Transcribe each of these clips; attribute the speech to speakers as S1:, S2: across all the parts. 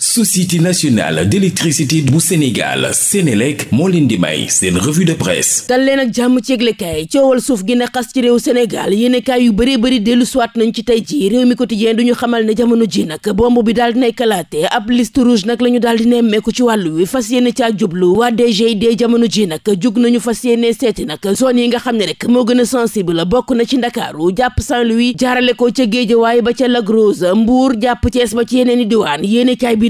S1: société nationale d'électricité bu Sénégal Sénélec moo leen di may seen revue de presse dal leen jàmm ci coowal suuf gi ne xas ci réew Sénégal yéenekaay yu bëree bëri dellu siwaat nañ ci tey ji réew mi quotidien du ñu xamal ne jamono ji nag bomb bi daal di nay kalaate ab liste rouge nag la ñu daal di nemmeeku ci wàllu wi fas yéene caa jublu waa DGID jamono ji nag jug nañu fas yéene seeti nag zone yi nga xam ne rek moo gën a sensible bokk na ci Ndakaaru jàpp Saint-Louis jaarale ko ca Géejawaay ba ca Lac Rose Mbour jàpp Thiès ci yeneen i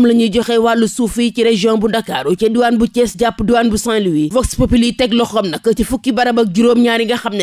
S1: moom la ñuy joxe wàllu suuf yi ci région bu ndakaaru ca diwaan bu Thiès jàpp diwaan bu Saint-Louis Vox Populi yi teg loxoom nag ci fukki barab ak juróom-ñaar yi nga xam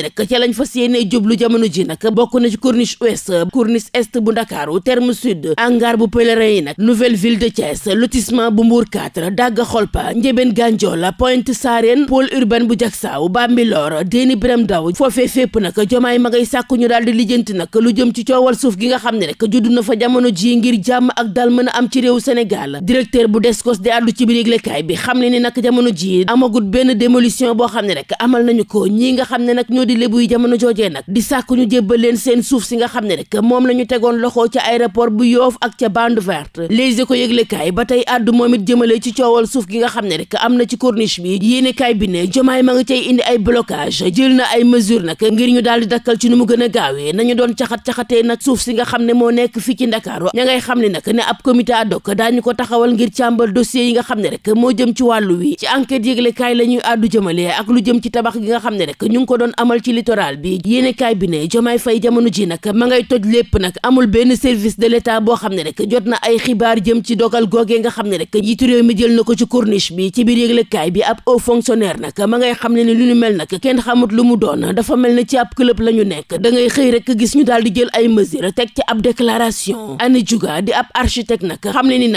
S1: ne rek dagga xolpa njëbeen gànjoola Pointe Sarène pôle urbain bu jaksaaw Bambilor Déni Biram Daw fépp nag jomaay ma ngay ñu daal di nag lu jëm ci coowal suuf gi nga xam ne rek judd na fa jamono ji ngir jàmm ak dal mën a am ci réew Sénégal directeur bu Descos di àddu ci biir yëglekaay bi xam ne ni nag jamono ji amagut benn démolition boo xam ne rek amal nañu ko ñii nga xam ne nag ñoo di lébu yi jamono joojee nag di sàkk ñu jébbal leen seen suuf si nga xam ne rek moom la ñu tegoon loxo ca aéroport bu Yoff ak ca bande verte Les Échos yëglekaay ba tey àddu moom it jëmale ci coowal gi nga xam ne rek am na ci corniche bi yéenekaay bi ne jomaay ma nga cay indi ay blocage jël na ay mesures nag ngir ñu daal di dakkal ci nu mu gën a gaawee nañu doon caxat-caxatee nag suuf si nga xam ne moo nekk fii ci Ndakaaru ña ngay xam ne daañu ko taxawal ngir càmbar dossier yi nga xam ne rek moo jëm ci wàllu wi ci enquête yëglekaay la ñuy àddu jëmale ak lu jëm ci tabax gi nga xam ne rek ñu ngi ko doon amal ci littoral bi yéenekaay bi ne Jomaay Fay jamono ji nag ma ngay toj lépp nag amul benn service de l'État boo xam ne rek jot na ay xibaar jëm ci dogal googee nga xam ne rek njiitu réew mi jël na ko ci corniche bi ci biir yëglekaay bi ab haut fonctionnaire nag ma ngay xam ne ni lu nu mel nag kenn xamut lu mu doon dafa mel ne ci ab club la ñu nekk dangay xëy rek gis ñu daal di jël ay mesures teg ci ab déclaration Anne Diouga di ab architecte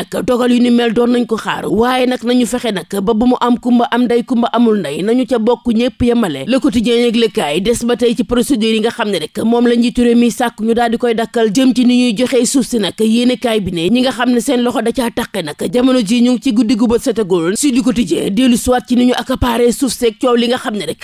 S1: nag dogal yu ni mel doon nañ ko xaar waaye nag nañu fexe nag ba bu mu am kumba am ndey kumba amul ndey nañu ca bokk ñëpp yemale le quotidien des ba tey ci procédure yi nga xam ne rek da caa taqe nag jamono ji ñu ngi ci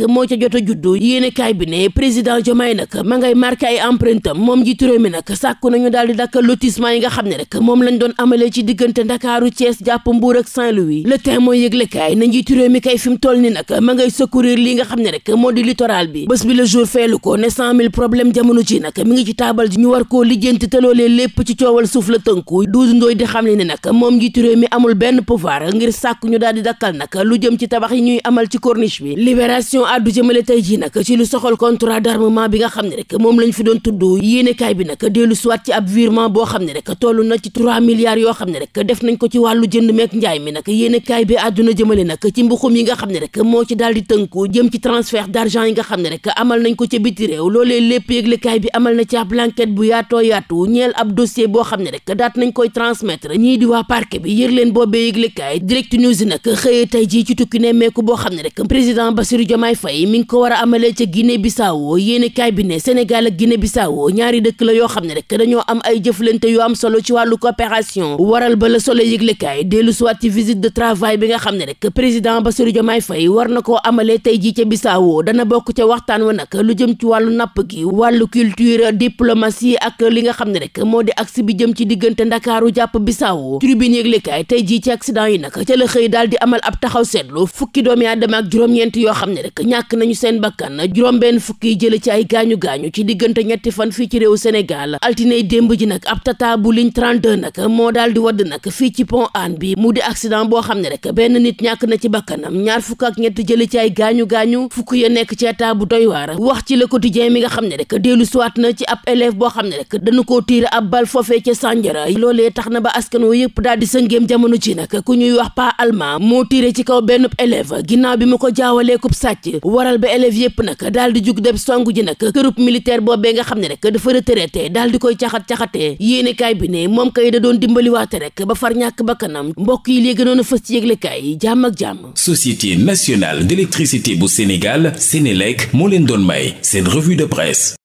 S1: moo ca jot a juddu yéenekaay bi ne président Diomaye nag ma ngay marqué ay empreinte moom njiitu réew mi nag sàkku nañu daal di dakkal yi nga xam ne rek moom lañ doon amalee ci digg diggante ndakaaru Thiès jàpp Mbour ak Saint-Louis le temps mooy yëglekaay na njiitu mi kay fi mu toll ni nag ma ngay secourir li nga xam ne rek moo di littoral bi bés bi le jour feelu ko ne cent mille problème jamono ci nag mi ngi ci taabal ji ñu war koo lijjanti te lépp ci coowal suuf la tënku duudu ndooy di xam ne nag moom njiitu réew mi amul benn pouvoir ngir sàkk ñu di dakkal nag lu jëm ci tabax yi ñuy amal ci corniche bi libération addu jëmale tey ji nag ci lu soxal contrat d'armement bi nga xam ne rek moom lañ fi doon tudd yéenekaay bi nag dellu suwaat ci ab virement boo xam ne rek toll na ci 3 milliards yoo xam ne rek nag def nañ ko ci wàllu jënd meek njaay mi nag yéene kaay bi àdduna jëmale nag ci mbuxum yi nga xam ne rek moo ci daal di tënku jëm ci transfert d'argent yi nga xam ne rek amal nañ ko biti réew loolee lépp yëgle bi amal na ci ab enquête bu yaatoo yaatu ñeel ab boo xam ne rek daat nañ koy transmettre ñii di waa parquet bi yër leen boobee yëgle kaay direct news nag xëyee tey ci tukki ne meeku boo xam ne rek président Bassirou Diomaye Faye mi ngi ko war a amalee ca Guinée Bissau yéene kaay bi ne Sénégal ak Guinée Bissau ñaari dëkk la yoo xam ne rek dañoo am ay jëflante yu am solo ci wàllu coopération waral ba ba le soleil yëglekaay dellu suwaat ci visite de travail bi nga xam ne rek président Bassirou Diomaye Faye war na koo amalee tey jii ca Bissau dana bokk ca waxtaan wa nag lu jëm ci wàllu napp gi wàllu culture diplomatie ak li nga xam ne rek moo di axe bi jëm ci diggante ndakaaru jàpp Bissau tribune yëglekaay tey ji ci accident yi nag ca xëy daal di amal ab taxaw seetlu fukki doomi aadama ak juróom-ñeent yoo xam ne rek ñàkk nañu seen bakkan juróom-benn fukki jële ci ay gaañu ci diggante ñetti fan fii ci réew Sénégal altinay démb ji nag ab tata bu ligne 32 nag fii ci pont Hann bi mu di accident boo xam ne rek benn nit ñàkk na ci bakkanam ñaar fukk ak ñett jëli ci ay gaañu-gaañu fukk ya nekk ci état bu doy waar wax ci la le quotidien mi nga xam ne rek dellu siwaat na ci ab boo xam ne rek dañu koo tiir ab bal foofee ca Sandiara loolee tax na ba askan yëpp daal di sëngeem jamono ci nag ku ñuy wax pa allemand moo tiire ci kaw benn élève ginnaaw bi mu ko jaawalee kub sàcc waral ba élève yëpp nag daal di jug dem song ji nag kërub militaire boobee nga xam ne rek dafa retraité daal di koy caxat caxate yéene kaay bi ne moom kay da doon dimbaliwaate rek ba far ñàkk ba kanam mbokk yi léegi noonu fës ci yëglekaay yi jàmm ak jàmm société nationale d'électricité bu Sénégal Sénélec moo leen doon may seen revue de presse